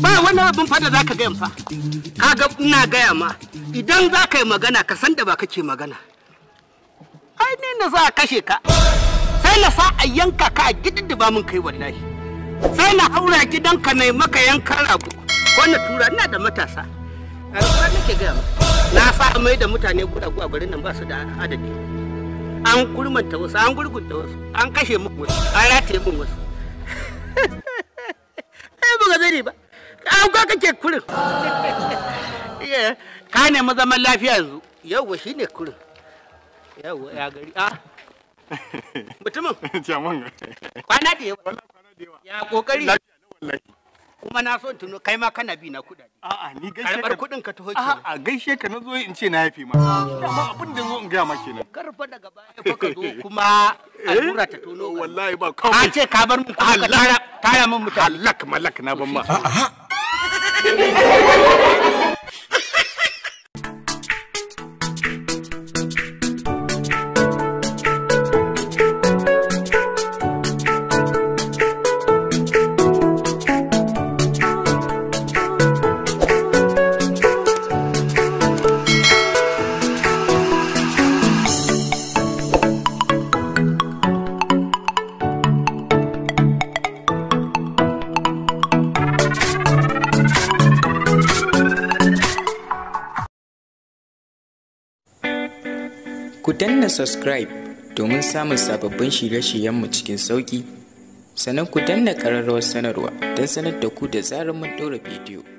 ba wani abin fada za ka gaya fa kaga ina gaya ma idan za ka yi magana ka san da ba kake magana ai ni na za a kashe ka sai na sa a yanka ka a gidan da ba mun kai wallahi sai na haura gidan ka na maka yanka rago ko na tura ina da matasa a nake gaya ma na sa mai da mutane guda guda garin nan ba su da adadi an kurmanta wasu an gurgunta wasu an kashe mun wasu an rata mun wasu ai ba zani ba an ka kake kurin ka ne mazaman lafiya yanzu yauwa ne kurin yauwa ya gari a ah. mutumin kwana da yawa ya kokari kuma na so tuno kai ma kana bi na kuɗaɗe. A'a ni gaishe ka. Karɓar kuɗin ka taho kenan. A'a gaishe ka na zo in ce na yafe ma. Amma abin da zo in gaya ma kenan. Karfa daga baya fa ka zo kuma eh? alura ta tuno. Wallahi ba kawai. Ka ce ka bar mu kuma ka tara tara min mutane. Halak malak na ban ma. A'a. Ku danna subscribe domin samun sababbin shirye-shiryenmu cikin sauƙi, sannan ku danna ƙararrawar sanarwa don sanar da ku da zarar mun ɗora bidiyo.